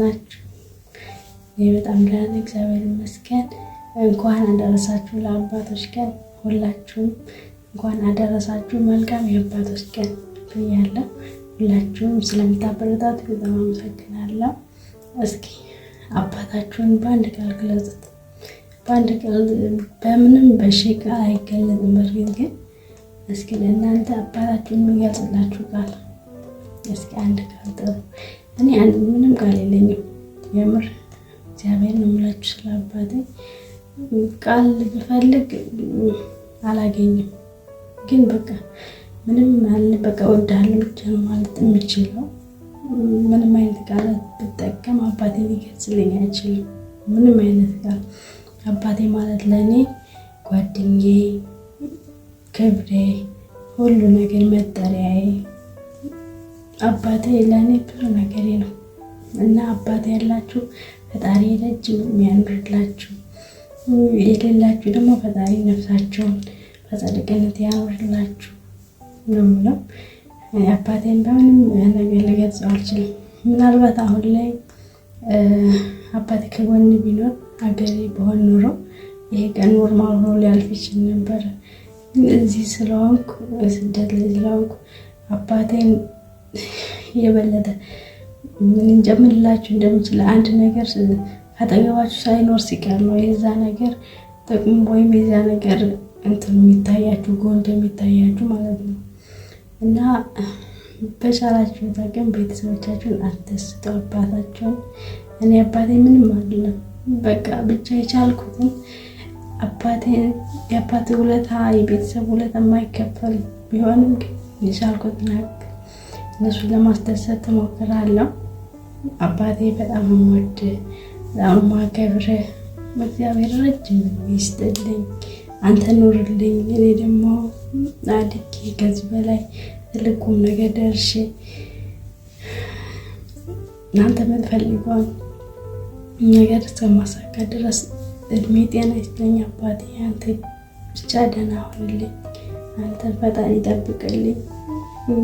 ናችሁ? ይህ በጣም ደህና እግዚአብሔር ይመስገን። እንኳን አደረሳችሁ ለአባቶች ቀን። ሁላችሁም እንኳን አደረሳችሁ። መልካም የአባቶች ቀን ብያለሁ። ሁላችሁም ስለምታበረታት በጣም አመሰግናለሁ። እስኪ አባታችሁን በአንድ ቃል ግለጹት። በአንድ ቃል በምንም በሺ ቃል አይገለጽም። በፊት ግን እስኪ ለእናንተ አባታችሁን የሚገልጽላችሁ ቃል እስኪ አንድ ቃል ጥሩ እኔ አንድ ምንም ቃል የለኝም። የምር እግዚአብሔር ነው የምላችሁ ስለ አባቴ ቃል ብፈልግ አላገኝም። ግን በቃ ምንም አለ በቃ ወዳለ ብቻ ነው ማለት የምችለው። ምንም አይነት ቃላት ብጠቀም አባቴ ሊገልጽልኝ አይችልም። ምንም አይነት ቃል አባቴ ማለት ለእኔ ጓደኛዬ፣ ክብሬ፣ ሁሉ ነገር መጠሪያዬ አባቴ ለእኔ ብዙ ነገሬ ነው እና አባቴ ያላችሁ ፈጣሪ ረጅም ዕድሜ የሌላችሁ ደግሞ ፈጣሪ ነፍሳቸውን በጸድቅነት ያኖርላችሁ ነው የምለው። አባቴን በምንም ነገር ልገልጸው አልችልም። ምናልባት አሁን ላይ አባቴ ከጎን ቢኖር አገሬ በሆን ኖሮ ይሄ ቀን ኖርማል ሆኖ ሊያልፍ ይችል ነበር። እዚህ ስለሆንኩ ስደት ላይ ስለሆንኩ አባቴን የበለጠ ምን ልንጨምርላችሁ እንደምንችል አንድ ነገር አጠገባችሁ ሳይኖር ሲቀር ነው የዛ ነገር ጥቅም ወይም የዛ ነገር እንትን የሚታያችሁ ጎልቶ የሚታያችሁ ማለት ነው። እና በቻላችሁ ታቅም ቤተሰቦቻችሁን አትደስቱ፣ አባታቸውን እኔ አባቴ ምንም አይደለም። በቃ ብቻ የቻልኩትን አባቴ የአባት ውለታ የቤተሰብ ውለታ የማይከፈል ቢሆንም የቻልኩትን እነሱን ለማስደሰት እሞክራለሁ። አባቴ በጣም ወድ በጣም ማከብር እግዚአብሔር ረጅም ይስጥልኝ፣ አንተ ኑርልኝ። እኔ ደግሞ አድጌ ከዚህ በላይ ትልቁም ነገር ደርሼ እናንተ የምትፈልገውን ነገር እስከማሳካ ድረስ እድሜ ጤና ይስጠኝ አባቴ። አንተ ብቻ ደህና ሁንልኝ። አንተ ፈጣሪ ይጠብቅልኝ።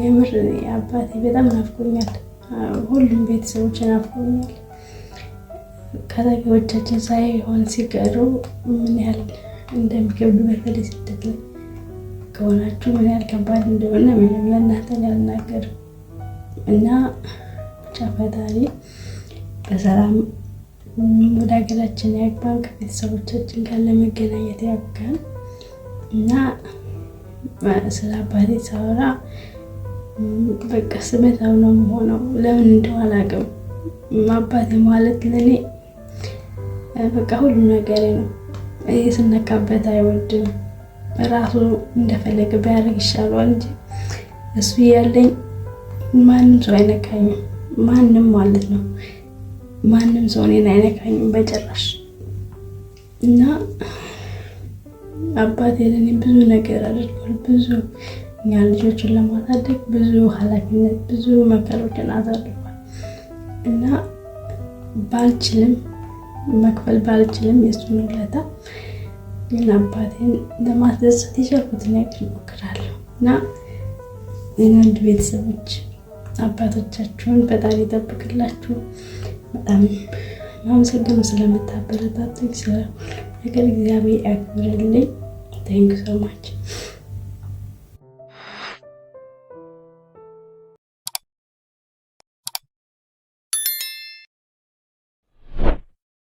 የምር አባቴ በጣም ናፍቆኛል። ሁሉም ቤተሰቦች ናፍቆኛል። ከተገቦቻችን ሳይሆን ሲቀሩ ምን ያህል እንደሚከብዱ በተለይ ስደት ላይ ከሆናችሁ ምን ያህል ከባድ እንደሆነ ምንም ለእናንተ ያልናገር እና ብቻ ፈጣሪ በሰላም ወደ ሀገራችን ያግባን፣ ከቤተሰቦቻችን ጋር ለመገናኘት ያብቃን እና ስለ አባቴ ሳወራ በቃ ስሜታዊ ነው የምሆነው። ለምን እንደው አላውቅም። አባቴ ማለት ለእኔ በቃ ሁሉ ነገር ነው። ይህ ስነካበት አይወድም። ራሱ እንደፈለገ ቢያደርግ ይሻለዋል እንጂ እሱ ያለኝ ማንም ሰው አይነካኝም። ማንም ማለት ነው ማንም ሰው እኔን አይነካኝም በጭራሽ። እና አባቴ ለእኔ ብዙ ነገር አድርጓል ብዙ እኛ ልጆችን ለማሳደግ ብዙ ኃላፊነት ብዙ መከሮችን አሳልፏል እና ባልችልም መክፈል ባልችልም የእሱን ውለታ ግን አባቴን ለማስደሰት የቻልኩትን ነገር እሞክራለሁ እና የናንድ ቤተሰቦች አባቶቻችሁን ፈጣሪ ይጠብቅላችሁ። በጣም አመሰግኑ ስለምታበረታቱ ስለ ነገር እግዚአብሔር ያክብርልኝ። ታንክ ሶ ማች